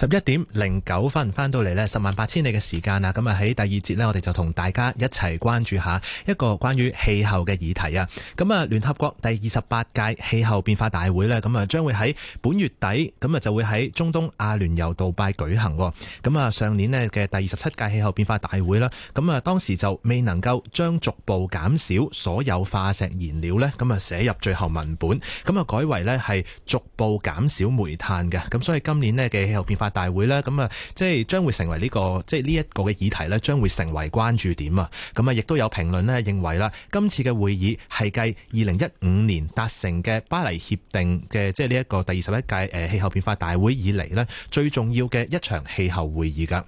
十一點零九分翻到嚟呢，十萬八千里嘅時間啦，咁啊喺第二節咧，我哋就同大家一齊關注下一個關於氣候嘅議題啊！咁啊，聯合國第二十八屆氣候變化大會咧，咁啊將會喺本月底，咁啊就會喺中東阿聯酋杜拜舉行。咁啊，上年咧嘅第二十七屆氣候變化大會啦，咁啊當時就未能夠將逐步減少所有化石燃料咧，咁啊寫入最後文本，咁啊改為咧係逐步減少煤炭嘅。咁所以今年咧嘅氣候變化。大會咧，咁啊，即係將會成為呢個即係呢一個嘅議題咧，將會成為關注點啊！咁啊，亦都有評論咧認為啦，今次嘅會議係繼二零一五年達成嘅巴黎協定嘅，即係呢一個第二十一屆誒氣候變化大會以嚟呢，最重要嘅一場氣候會議噶。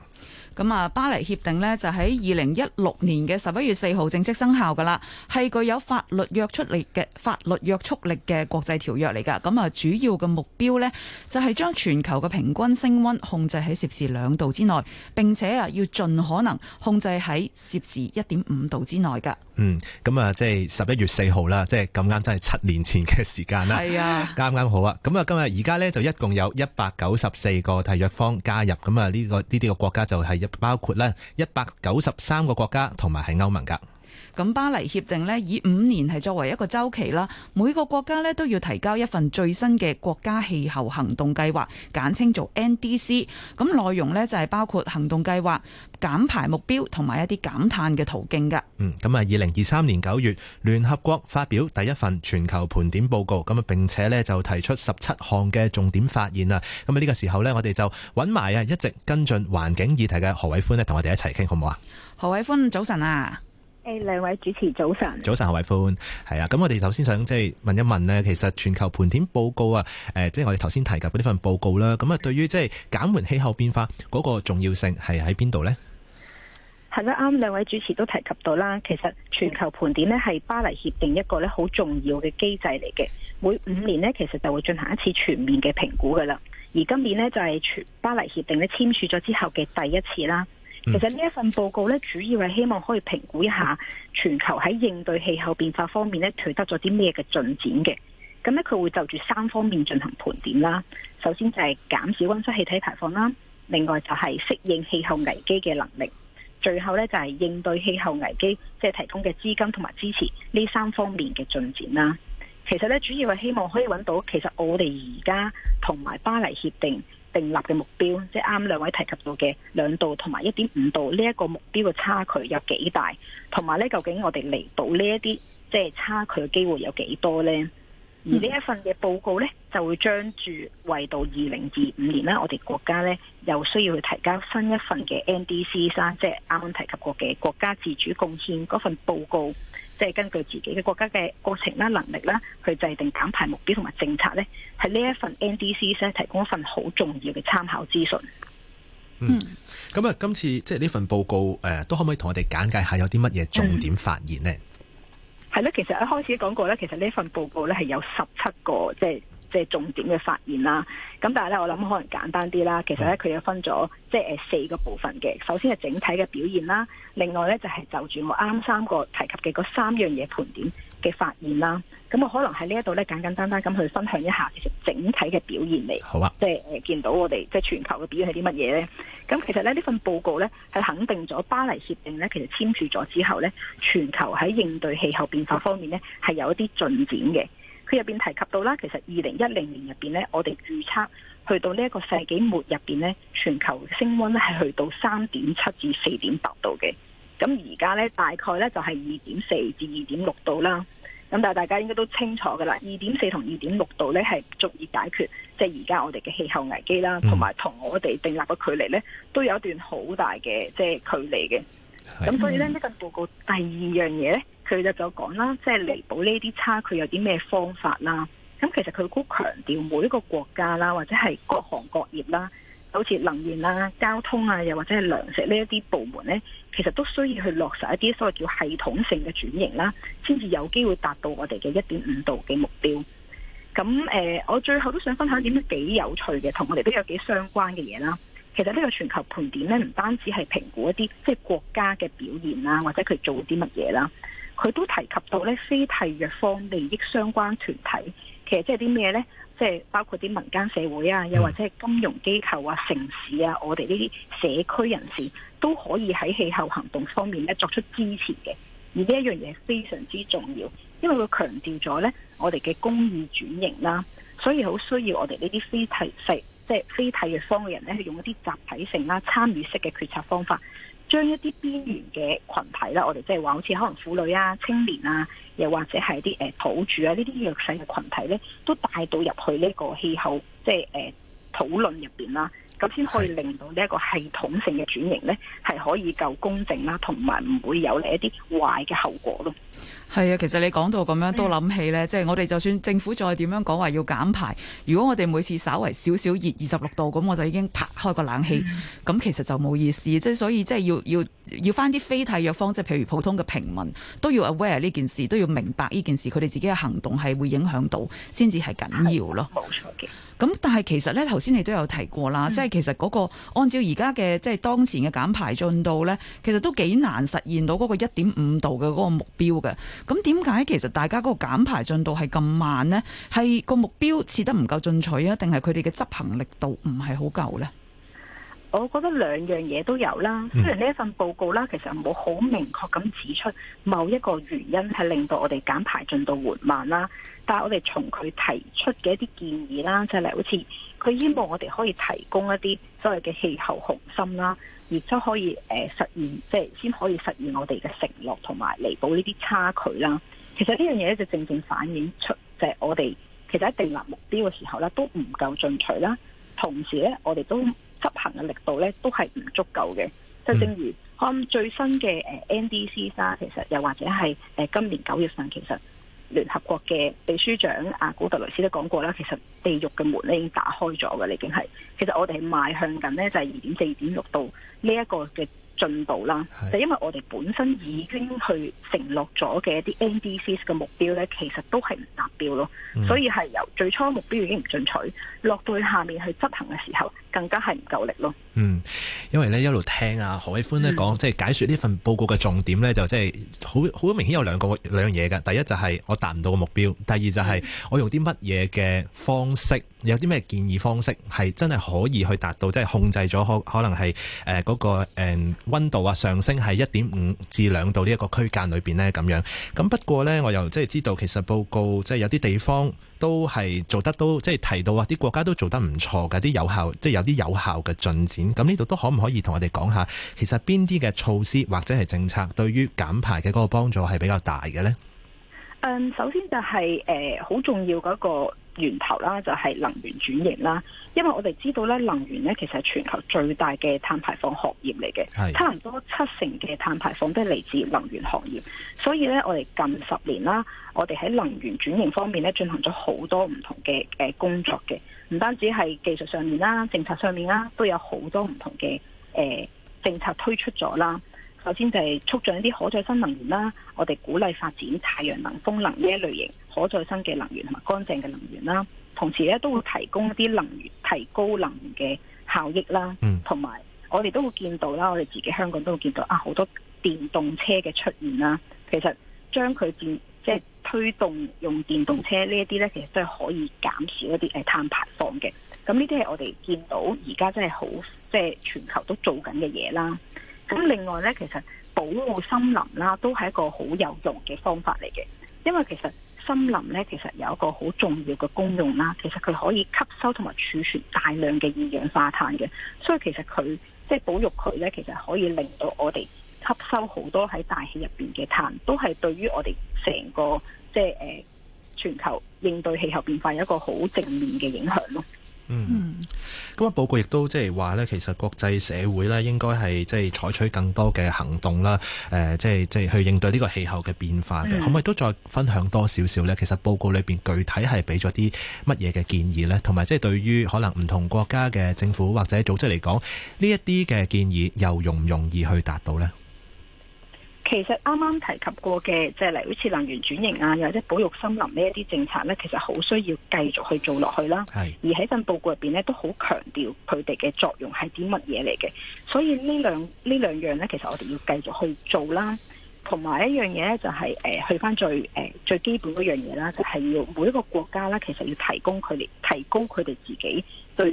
咁啊，巴黎協定呢就喺二零一六年嘅十一月四號正式生效噶啦，係具有法律約束力嘅法律約束力嘅國際條約嚟噶。咁啊，主要嘅目標呢，就係將全球嘅平均升溫控制喺攝氏兩度之內，並且啊要盡可能控制喺攝氏一點五度之內㗎。嗯，咁啊，即係十一月四號啦，即係咁啱，真係七年前嘅時間啦，係啊，啱啱好啊！咁啊，今日而家呢，就一共有一百九十四個締約方加入，咁啊呢個呢啲個國家就係一包括咧一百九十三個國家同埋係歐盟噶。咁巴黎協定呢以五年係作為一個周期啦。每個國家呢都要提交一份最新嘅國家氣候行動計劃，簡稱做 NDC。咁內容呢就係包括行動計劃、減排目標同埋一啲減碳嘅途徑噶。嗯，咁啊，二零二三年九月，聯合國發表第一份全球盤點報告，咁啊，並且呢就提出十七項嘅重點發現啦，咁啊，呢、呢個時候呢我哋就揾埋啊，一直跟進環境議題嘅何偉歡呢同我哋一齊傾好唔好啊？何偉歡，早晨啊！兩位主持早晨，早晨何偉歡，係啊，咁我哋首先想即係問一問呢，其實全球盤點報告啊，誒、呃，即、就、係、是、我哋頭先提及嗰啲份報告啦，咁啊，對於即係減緩氣候變化嗰、那個重要性係喺邊度呢？係啦，啱，兩位主持都提及到啦，其實全球盤點呢係巴黎協定一個咧好重要嘅機制嚟嘅，每五年呢，其實就會進行一次全面嘅評估噶啦，而今年呢，就係全巴黎協定咧簽署咗之後嘅第一次啦。其實呢一份報告咧，主要係希望可以評估一下全球喺應對氣候變化方面咧取得咗啲咩嘅進展嘅。咁咧佢會就住三方面進行盤點啦。首先就係減少溫室氣體排放啦，另外就係適應氣候危機嘅能力，最後咧就係應對氣候危機，即係提供嘅資金同埋支持呢三方面嘅進展啦。其實咧主要係希望可以揾到其實我哋而家同埋巴黎協定。定立嘅目標，即係啱，兩位提及到嘅兩度同埋一點五度呢一個目標嘅差距有幾大，同埋呢究竟我哋嚟到呢一啲即係差距嘅機會有幾多呢？而呢一份嘅報告呢，就會將住為到二零二五年呢，我哋國家呢又需要去提交新一份嘅 NDC 三，即係啱啱提及過嘅國家自主貢獻嗰份報告。即係根據自己嘅國家嘅過程啦、能力啦，去制定減排目標同埋政策咧，喺呢一份 NDC 咧提供一份好重要嘅參考資訊。嗯，咁啊，今次即係呢份報告，誒、呃，都可唔可以同我哋簡介下有啲乜嘢重點發現呢？係、嗯、咧，其實一開始講過咧，其實呢份報告咧係有十七個即係。即係重點嘅發現啦，咁但係咧，我諗可能簡單啲啦。其實咧，佢有分咗即係誒四個部分嘅。好啊。首先係整體嘅表現啦，另外咧就係就住我啱啱三個提及嘅嗰三樣嘢盤點嘅發現啦。咁我可能喺呢一度咧簡簡單單咁去分享一下其實整體嘅表現嚟。好啊，即係誒見到我哋即係全球嘅表現係啲乜嘢咧？咁其實咧呢份報告咧係肯定咗巴黎協定咧，其實簽署咗之後咧，全球喺應對氣候變化方面咧係有一啲進展嘅。佢入邊提及到啦，其實二零一零年入邊咧，我哋預測去到呢一個世紀末入邊咧，全球升溫咧係去到三點七至四點八度嘅。咁而家咧，大概咧就係二點四至二點六度啦。咁但係大家應該都清楚㗎啦，二點四同二點六度咧係足以解決即係而家我哋嘅氣候危機啦，同埋同我哋定立嘅距離咧都有一段好大嘅即係距離嘅。咁所以咧，呢份報告第二樣嘢咧。佢就就講啦，即係彌補呢啲差距有啲咩方法啦？咁其實佢好強調每一個國家啦，或者係各行各業啦，好似能源啦、交通啊，又或者係糧食呢一啲部門呢，其實都需要去落實一啲所謂叫系統性嘅轉型啦，先至有機會達到我哋嘅一點五度嘅目標。咁誒，我最後都想分享一點幾有趣嘅，同我哋都有幾相關嘅嘢啦。其實呢個全球盤點呢，唔單止係評估一啲即係國家嘅表現啦，或者佢做啲乜嘢啦。佢都提及到咧，非締約方利益相關團體，其實即係啲咩呢？即係包括啲民間社會啊，又或者係金融機構啊、城市啊，我哋呢啲社區人士都可以喺氣候行動方面咧作出支持嘅。而呢一樣嘢非常之重要，因為佢強調咗呢，我哋嘅公義轉型啦，所以好需要我哋呢啲非締，即係非締約方嘅人呢，去用一啲集體性啦、參與式嘅決策方法。將一啲邊緣嘅群體啦，我哋即係話好似可能婦女啊、青年啊，又或者係啲誒土著啊呢啲弱勢嘅群體咧，都帶到入去呢個氣候即係誒討論入邊啦，咁先可以令到呢一個系統性嘅轉型咧，係可以夠公正啦，同埋唔會有嚟一啲壞嘅後果咯。係啊，其實你講到咁樣都諗起呢。即、嗯、係、就是、我哋就算政府再點樣講話要減排，如果我哋每次稍為少少熱二十六度，咁我就已經拍開個冷氣，咁、嗯、其實就冇意思。即係所以即係要要要翻啲非替藥方式，即係譬如普通嘅平民都要 aware 呢件事，都要明白呢件事，佢哋自己嘅行動係會影響到，先至係緊要咯。冇錯嘅。咁但係其實呢頭先你都有提過啦，即、嗯、係、就是、其實嗰、那個按照而家嘅即係當前嘅減排進度呢，其實都幾難實現到嗰個一點五度嘅嗰個目標嘅。咁點解其實大家嗰個減排進度係咁慢呢？係個目標設得唔夠進取啊？定係佢哋嘅執行力度唔係好夠呢？我覺得兩樣嘢都有啦。雖然呢一份報告啦，其實冇好明確咁指出某一個原因係令到我哋減排進度緩慢啦。但係我哋從佢提出嘅一啲建議啦，即係例如好似佢希望我哋可以提供一啲。所謂嘅氣候雄心啦，亦都可以誒實現，即係先可以實現我哋嘅承諾同埋彌補呢啲差距啦。其實呢樣嘢咧，就正正反映出就係、是、我哋其實喺定立目標嘅時候咧，都唔夠進取啦。同時咧，我哋都執行嘅力度咧，都係唔足夠嘅。就、嗯、正如看最新嘅誒 NDC 啦，其實又或者係誒今年九月份其實。聯合國嘅秘書長阿古特雷斯都講過啦，其實地獄嘅門咧已經打開咗㗎，已經係其實我哋係邁向緊咧就係二點四、二點六度呢一個嘅。進步啦，就是、因為我哋本身已經去承諾咗嘅一啲 NDC 嘅目標呢，其實都係唔達標咯，所以係由最初目標已經唔進取，落到下面去執行嘅時候，更加係唔夠力咯。嗯，因為呢，一路聽阿何偉歡呢講，即、嗯、係、就是、解説呢份報告嘅重點呢，就即係好好明顯有兩個兩樣嘢嘅。第一就係我達唔到嘅目標，第二就係我用啲乜嘢嘅方式，有啲咩建議方式係真係可以去達到，即、就、係、是、控制咗可可能係誒嗰個、呃溫度啊上升係一點五至兩度呢一個區間裏邊呢，咁樣，咁不過呢，我又即係知道其實報告即係、就是、有啲地方都係做得都即係、就是、提到啊啲國家都做得唔錯嘅，啲有效即係、就是、有啲有效嘅進展。咁呢度都可唔可以同我哋講下，其實邊啲嘅措施或者係政策對於減排嘅嗰個幫助係比較大嘅呢？首先就係誒好重要嘅、嗰個。源頭啦，就係能源轉型啦。因為我哋知道咧，能源咧其實係全球最大嘅碳排放行業嚟嘅，差唔多七成嘅碳排放都係嚟自能源行業。所以咧，我哋近十年啦，我哋喺能源轉型方面咧進行咗好多唔同嘅誒工作嘅，唔單止係技術上面啦、政策上面啦，都有好多唔同嘅誒政策推出咗啦。首先就係促進一啲可再生能源啦，我哋鼓勵發展太陽能、風能呢一類型可再生嘅能源同埋乾淨嘅能源啦。同時咧都會提供一啲能源，提高能源嘅效益啦。嗯，同埋我哋都會見到啦，我哋自己香港都會見到啊，好多電動車嘅出現啦。其實將佢變即係推動用電動車呢一啲咧，其實都係可以減少一啲碳排放嘅。咁呢啲係我哋見到而家真係好，即係全球都做緊嘅嘢啦。咁另外咧，其實保護森林啦、啊，都係一個好有用嘅方法嚟嘅。因為其實森林咧，其實有一個好重要嘅功用啦、啊。其實佢可以吸收同埋儲存大量嘅二氧化碳嘅，所以其實佢即係保育佢咧，其實可以令到我哋吸收好多喺大氣入邊嘅碳，都係對於我哋成個即係、誒、全球應對氣候變化有一個好正面嘅影響咯。嗯，咁啊報告亦都即係話咧，其實國際社會咧，應該係即係採取更多嘅行動啦，誒、呃，即係即係去應對呢個氣候嘅變化嘅、嗯，可唔可以都再分享多少少咧？其實報告裏邊具體係俾咗啲乜嘢嘅建議咧，同埋即係對於可能唔同國家嘅政府或者組織嚟講，呢一啲嘅建議又容唔容易去達到咧？其實啱啱提及過嘅，即係例如好似能源轉型啊，又或者保育森林呢一啲政策咧，其實好需要繼續去做落去啦。而喺份報告入邊咧，都好強調佢哋嘅作用係啲乜嘢嚟嘅。所以呢兩呢兩樣咧，其實我哋要繼續去做啦。同埋一樣嘢咧，就係誒去翻最誒最基本嗰樣嘢啦，就係要每一個國家啦，其實要提供佢哋，提供佢哋自己對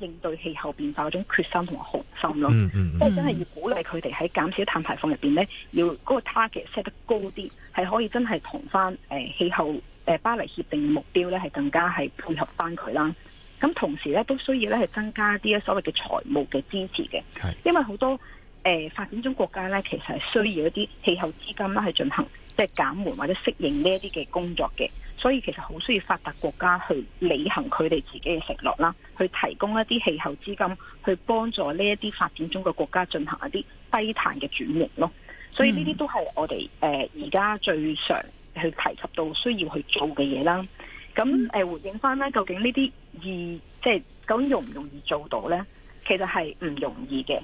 應對氣候變化嗰種決心同埋雄心咯，即、嗯、係、嗯嗯就是、真係要鼓勵佢哋喺減少碳排放入邊咧，要嗰個 target set 得高啲，係可以真係同翻誒氣候誒、呃、巴黎協定嘅目標咧，係更加係配合翻佢啦。咁同時咧，都需要咧係增加一啲所謂嘅財務嘅支持嘅，因為好多誒、呃、發展中國家咧，其實係需要一啲氣候資金啦，去進行即係減緩或者適應呢一啲嘅工作嘅。所以其實好需要發達國家去履行佢哋自己嘅承諾啦，去提供一啲氣候資金，去幫助呢一啲發展中嘅國家進行一啲低碳嘅轉型咯。所以呢啲都係我哋誒而家最常去提及到需要去做嘅嘢啦。咁誒、嗯、回應翻咧，究竟呢啲意即係咁容唔容易容容做到咧？其實係唔容易嘅，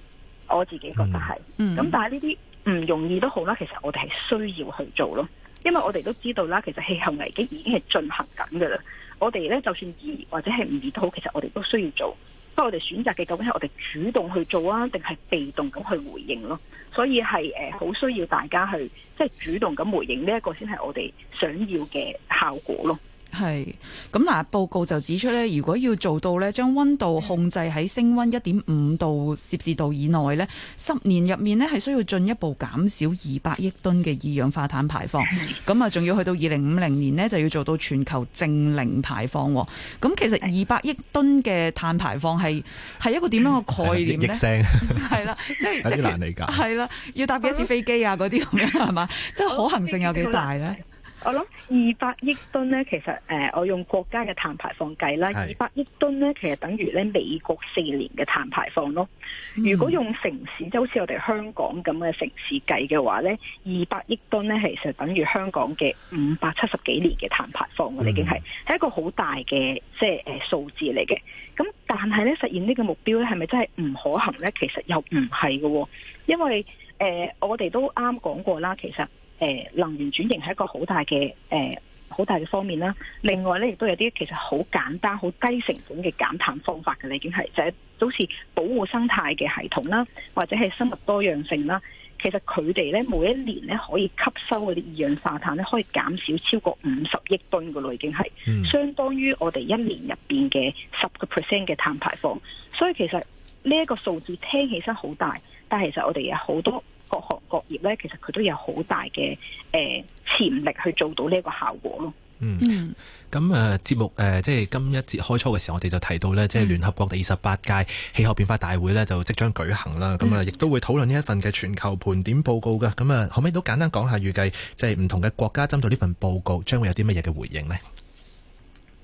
我自己覺得係。咁、嗯嗯、但係呢啲唔容易都好啦，其實我哋係需要去做咯。因為我哋都知道啦，其實氣候危機已經係進行緊噶啦。我哋咧就算移或者係唔移都好，其實我哋都需要做。不過我哋選擇嘅究竟係我哋主動去做啊，定係被動咁去回應咯？所以係誒，好需要大家去即係、就是、主動咁回應呢一個，先係我哋想要嘅效果咯。係咁嗱，那報告就指出咧，如果要做到咧，將溫度控制喺升溫一點五度攝氏度以內咧，十年入面咧，係需要進一步減少二百億噸嘅二氧化碳排放。咁啊，仲要去到二零五零年咧，就要做到全球淨零排放。咁其實二百億噸嘅碳排放係係一個點樣嘅概念咧？啦， 即係有啲難理解。啦、 就是， 要搭幾次飛機啊，嗰啲咁樣係嘛？即係 可行性有幾大咧？我諗二百億噸咧，其實誒，我用國家嘅碳排放計啦，二百億噸咧，其實等於咧美國四年嘅碳排放咯，嗯。如果用城市，即好似我哋香港咁嘅城市計嘅話咧，二百億噸咧其實等於香港嘅五百七十幾年嘅碳排放，我哋已經係，係一個好大嘅即係誒數字嚟嘅。咁但係咧實現呢個目標咧，係咪真係唔可行咧？其實又唔係嘅，因為誒、呃、我哋都啱講過啦，其實。誒，能源轉型係一個好大嘅誒，好大嘅方面啦。另外咧，亦都有啲其實好簡單、好低成本嘅減碳方法嘅，已經係就係好似保護生態嘅系統啦，或者係生物多樣性啦。其實佢哋咧每一年咧可以吸收嗰啲二氧化碳咧，可以減少超過五十億噸噶咯，已經係相當於我哋一年入面嘅十個 percent 嘅碳排放。所以其實呢一個數字聽起身好大，但係其實我哋有好多。各行各業咧，其實佢都有好大嘅誒潛力去做到呢一個效果咯。嗯，咁誒節目誒、呃，即係今一節開初嘅時候，我哋就提到咧、嗯，即係聯合國第二十八屆氣候變化大會咧，就即將舉行啦。咁啊，亦都會討論呢一份嘅全球盤點報告噶。咁、嗯、啊，後尾都簡單講下，預計即係唔同嘅國家針對呢份報告，將會有啲乜嘢嘅回應呢？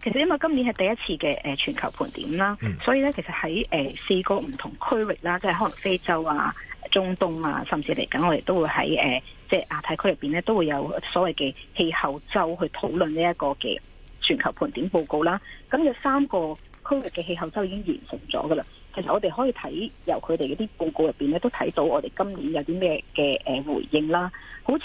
其實因為今年係第一次嘅誒全球盤點啦、嗯，所以咧，其實喺誒、呃、四個唔同區域啦，即係可能非洲啊。中東啊，甚至嚟緊我哋都會喺誒，即係亞太區入邊咧，都會有所謂嘅氣候周去討論呢一個嘅全球盤點報告啦。咁有三個區域嘅氣候周已經完成咗噶啦。其實我哋可以睇由佢哋嗰啲報告入邊咧，都睇到我哋今年有啲咩嘅誒回應啦。好似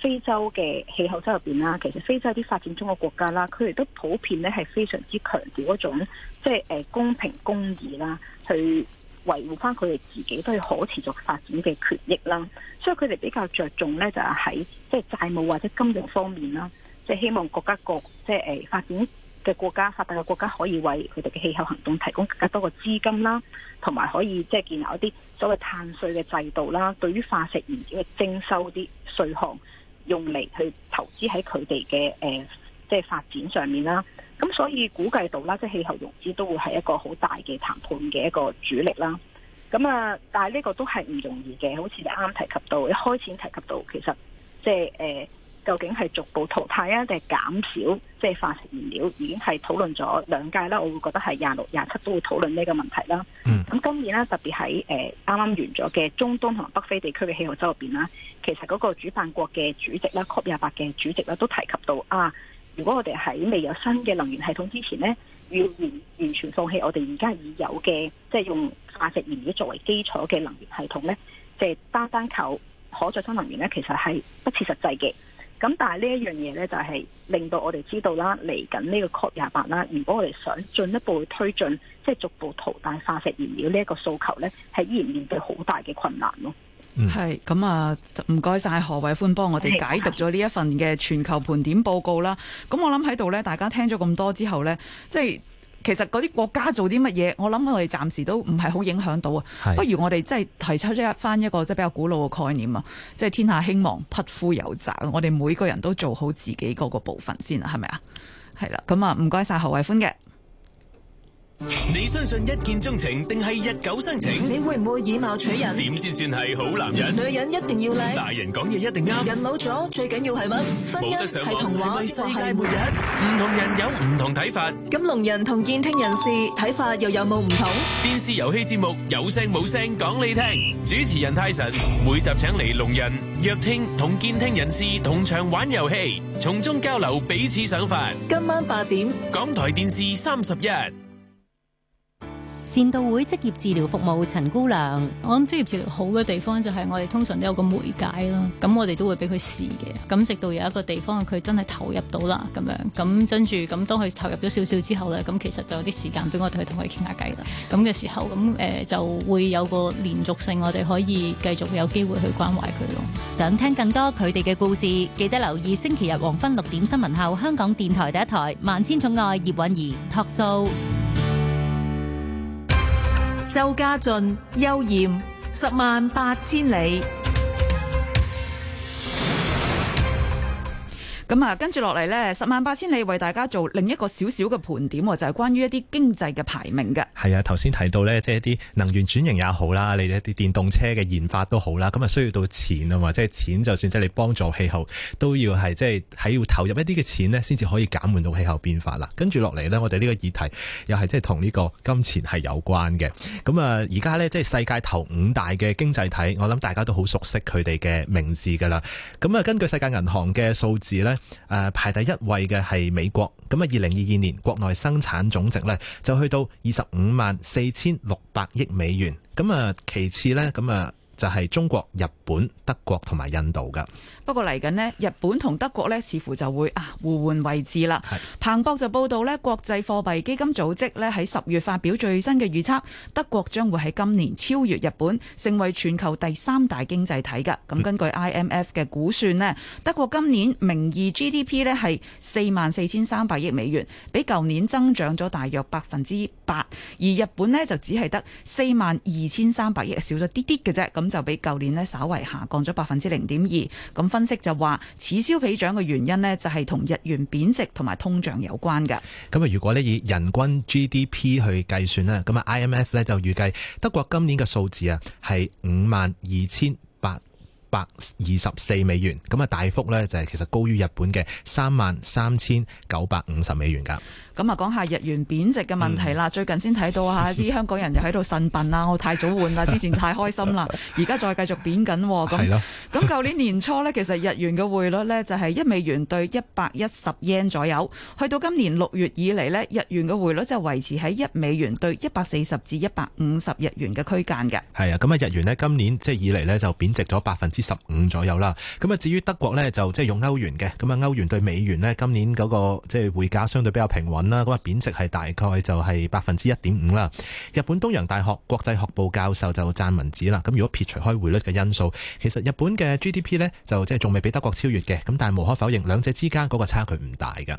非洲嘅氣候周入邊啦，其實非洲啲發展中國家啦，佢哋都普遍咧係非常之強調一種即係誒公平公義啦，去。維護翻佢哋自己都要可持續發展嘅權益啦，所以佢哋比較着重咧就係喺即係債務或者金融方面啦，即係希望國家國即係誒發展嘅國家發達嘅國家可以為佢哋嘅氣候行動提供更加多嘅資金啦，同埋可以即係建立一啲所謂碳稅嘅制度啦，對於化石燃料嘅徵收啲稅項，用嚟去投資喺佢哋嘅誒即係發展上面啦。咁所以估計到啦，即係氣候融資都會係一個好大嘅談判嘅一個主力啦。咁啊，但係呢個都係唔容易嘅。好似啱啱提及到，一開始提及到其實即係誒、呃，究竟係逐步淘汰啊，定係減少即係化石燃料，已經係討論咗兩屆啦。我會覺得係廿六、廿七都會討論呢個問題啦。咁、嗯、今年咧，特別喺誒啱啱完咗嘅中東同埋北非地區嘅氣候周入邊啦，其實嗰個主辦國嘅主席啦，COP 廿八嘅主席啦，都提及到啊。如果我哋喺未有新嘅能源系統之前咧，要完完全放棄我哋而家已有嘅，即係用化石燃料作為基礎嘅能源系統呢，咧，即係單單靠可再生能源呢，其實係不切實際嘅。咁但係呢一樣嘢呢，就係令到我哋知道啦，嚟緊呢個 COP 廿八啦。如果我哋想進一步去推進，即係逐步淘汰化石燃料呢一個訴求呢，係依然面對好大嘅困難咯。係咁啊！唔該晒何偉歡，幫我哋解讀咗呢一份嘅全球盤點報告啦。咁我諗喺度呢，大家聽咗咁多之後呢，即係其實嗰啲國家做啲乜嘢，我諗我哋暫時都唔係好影響到啊。不如我哋即係提出一翻一個即係比較古老嘅概念啊，即係天下興亡，匹夫有責。我哋每個人都做好自己嗰個部分先啊，係咪啊？係啦，咁啊，唔該晒何偉歡嘅。你相信一見鐘情定係日久生情？你會唔會以貌取人？點先算係好男人？女人一定要靚？大人講嘢一定啱？人老咗最緊要係乜？婚姻係童話，世界末日。唔同人有唔同睇法。咁聾人同健聽人士睇法又有冇唔同？電視遊戲節目有聲冇聲講你聽？主持人泰神每集請嚟聾人、弱聽同健聽人士同場玩遊戲，從中交流彼此想法。今晚八點，港台電視三十一。善導會職業治療服務陳姑娘，我諗職業治療好嘅地方就係我哋通常都有個媒介咯，咁我哋都會俾佢試嘅。咁直到有一個地方佢真係投入到啦咁樣，咁跟住咁當佢投入咗少少之後呢，咁其實就有啲時間俾我哋去同佢傾下偈啦。咁嘅時候咁誒就會有個連續性，我哋可以繼續有機會去關懷佢咯。想聽更多佢哋嘅故事，記得留意星期日黃昏六點新聞後，香港電台第一台《萬千寵愛》葉韻儀 Talk Show。周家俊、邱艷，十萬八千里。咁啊，跟住落嚟咧，十萬八千里為大家做另一個少少嘅盤點，就係關於一啲經濟嘅排名嘅。係啊，頭先提到咧，即係一啲能源轉型也好啦，你哋一啲電動車嘅研發都好啦，咁啊需要到錢啊嘛，即係錢就算即係你幫助氣候，都要係即係喺要投入一啲嘅錢咧，先至可以減緩到氣候變化啦。跟住落嚟咧，我哋呢個議題又係即係同呢個金錢係有關嘅。咁啊，而家咧即係世界頭五大嘅經濟體，我諗大家都好熟悉佢哋嘅名字噶啦。咁啊，根據世界銀行嘅數字咧。排第一位嘅係美國，咁啊，二零二二年國內生產總值呢，就去到二十五萬四千六百億美元，咁啊，其次呢，咁啊。就係、是、中國、日本、德國同埋印度噶。不過嚟緊呢，日本同德國似乎就會啊互換位置啦。彭博就報道咧，國際貨幣基金組織咧喺十月發表最新嘅預測，德國將會喺今年超越日本，成為全球第三大經濟體噶。咁根據 IMF 嘅估算呢、嗯、德國今年名義 GDP 咧係四萬四千三百億美元，比舊年增長咗大約百分之八，而日本呢就只係得四萬二千三百億，少咗啲啲嘅啫。咁咁就比舊年稍微下降咗百分之零點二。咁分析就話此消彼長嘅原因咧，就係同日元貶值同埋通脹有關嘅。咁啊，如果咧以人均 GDP 去計算咧，咁啊 IMF 咧就預計德國今年嘅數字啊係五萬二千八百二十四美元。咁啊大幅呢就係其實高於日本嘅三萬三千九百五十美元噶。咁啊，講下日元貶值嘅問題啦、嗯。最近先睇到啊，啲香港人又喺度呻笨啦，我太早換啦，之前太開心啦，而 家再繼續貶緊喎。咁，咁舊年年初呢，其實日元嘅匯率呢就係、是、一美元對一百一十 yen 左右，去到今年六月以嚟呢，日元嘅匯率就維持喺一美元對一百四十至一百五十日元嘅區間嘅。係啊，咁啊，日元呢，今年即係以嚟呢，就貶值咗百分之十五左右啦。咁啊，至於德國呢，就即係用歐元嘅，咁啊歐元對美元呢，今年嗰個即係匯價相對比較平穩。啦，咁啊，貶值係大概就係百分之一點五啦。日本東洋大學國際學部教授就讚文子啦。咁如果撇除開匯率嘅因素，其實日本嘅 GDP 呢就即係仲未俾德國超越嘅。咁但係無可否認，兩者之間嗰個差距唔大噶。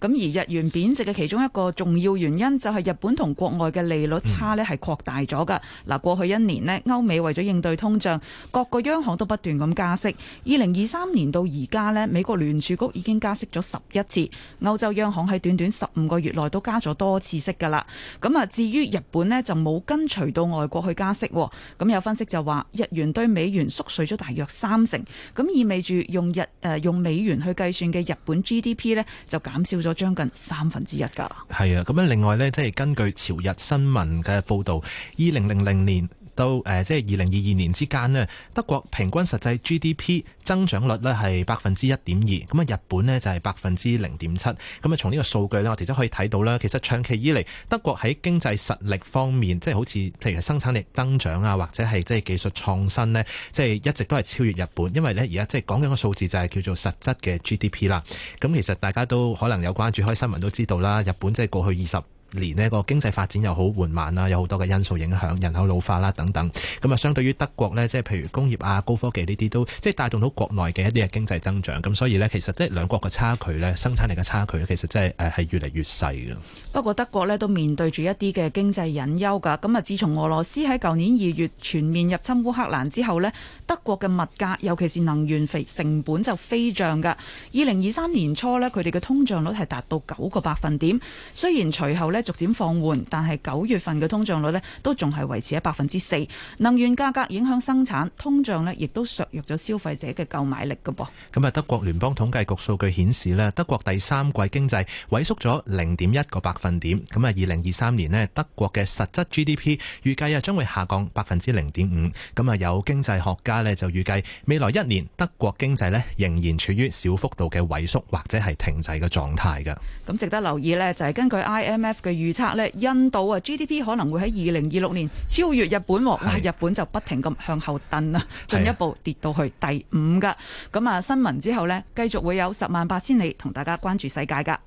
咁而日元貶值嘅其中一個重要原因就係日本同國外嘅利率差呢係擴大咗噶。嗱、嗯，過去一年呢，歐美為咗應對通脹，各個央行都不斷咁加息。二零二三年到而家呢，美國聯儲局已經加息咗十一次，歐洲央行喺短短十五個月內都加咗多次息噶啦，咁啊至於日本呢，就冇跟隨到外國去加息，咁有分析就話日元對美元縮水咗大約三成，咁意味住用日誒、呃、用美元去計算嘅日本 GDP 呢，就減少咗將近三分之一噶。係啊，咁樣另外呢，即係根據朝日新聞嘅報道，二零零零年。到誒，即係二零二二年之間呢，德國平均實際 GDP 增長率咧，係百分之一點二，咁啊日本呢，就係百分之零點七，咁啊從呢個數據呢，我哋都可以睇到啦。其實長期以嚟德國喺經濟實力方面，即係好似譬如生產力增長啊，或者係即係技術創新呢，即係一直都係超越日本，因為呢，而家即係講緊個數字就係叫做實質嘅 GDP 啦。咁其實大家都可能有關注開新聞都知道啦，日本即係過去二十。年呢個經濟發展又好緩慢啦，有好多嘅因素影響，人口老化啦等等。咁啊，相對於德國呢，即係譬如工業啊、高科技呢啲都即係帶動到國內嘅一啲嘅經濟增長。咁所以呢，其實即係兩國嘅差距呢，生產力嘅差距呢，其實真係誒係越嚟越細嘅。不過德國呢都面對住一啲嘅經濟隱憂㗎。咁啊，自從俄羅斯喺舊年二月全面入侵烏克蘭之後呢，德國嘅物價尤其是能源費成本就飛漲㗎。二零二三年初呢，佢哋嘅通脹率係達到九個百分點。雖然隨後呢，逐漸放緩，但係九月份嘅通脹率呢都仲係維持喺百分之四。能源價格影響生產，通脹呢亦都削弱咗消費者嘅購買力噶噃。咁啊，德國聯邦統計局數據顯示呢，德國第三季經濟萎縮咗零點一個百分點。咁啊，二零二三年呢，德國嘅實質 GDP 預計啊將會下降百分之零點五。咁啊，有經濟學家呢就預計未來一年德國經濟呢仍然處於小幅度嘅萎縮或者係停滯嘅狀態嘅。咁值得留意呢就係根據 IMF 嘅預測咧，印度啊 GDP 可能會喺二零二六年超越日本，哇！日本就不停咁向後蹬啦，進一步跌到去第五噶。咁啊，新聞之後呢，繼續會有十萬八千里同大家關注世界噶。